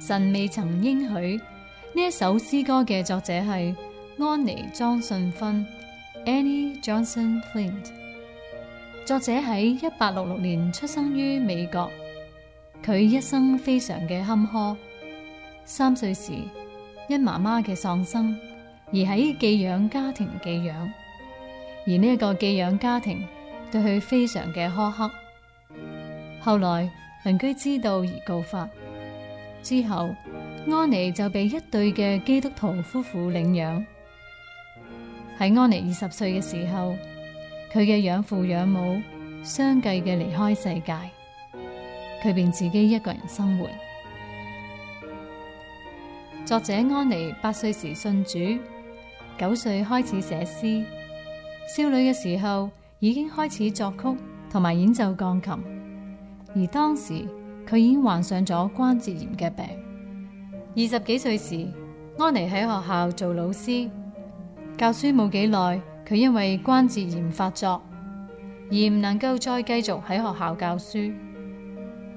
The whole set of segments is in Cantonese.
神未曾應許。呢一首詩歌嘅作者係安妮·莊信芬 （Annie Johnson Flint）。Ind, 作者喺一八六六年出生於美國。佢一生非常嘅坎坷。三歲時因媽媽嘅喪生而喺寄養家庭寄養，而呢一個寄養家庭對佢非常嘅苛刻。後來鄰居知道而告發，之後安妮就被一對嘅基督徒夫婦領養。喺安妮二十歲嘅時候，佢嘅養父養母相繼嘅離開世界。佢便自己一個人生活。作者安妮八歲時信主，九歲開始寫詩。少女嘅時候已經開始作曲同埋演奏鋼琴，而當時佢已經患上咗關節炎嘅病。二十幾歲時，安妮喺學校做老師，教書冇幾耐，佢因為關節炎發作，而唔能夠再繼續喺學校教書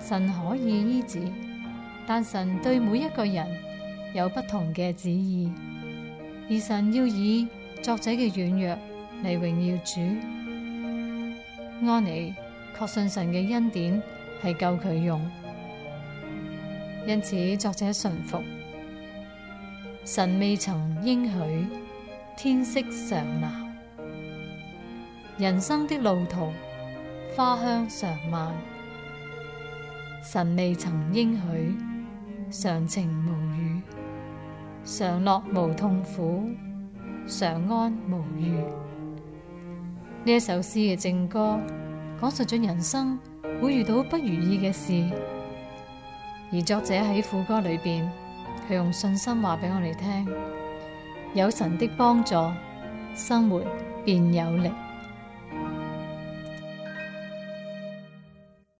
神可以醫治，但神對每一個人有不同嘅旨意，而神要以作者嘅軟弱嚟榮耀主。安妮確信神嘅恩典係夠佢用，因此作者信服。神未曾應許天色常藍，人生的路途花香常漫。神未曾應許，常晴無雨，常樂無痛苦，常安無虞。呢一首詩嘅正歌，講述咗人生會遇到不如意嘅事，而作者喺副歌裏邊，佢用信心話俾我哋聽，有神的幫助，生活便有力。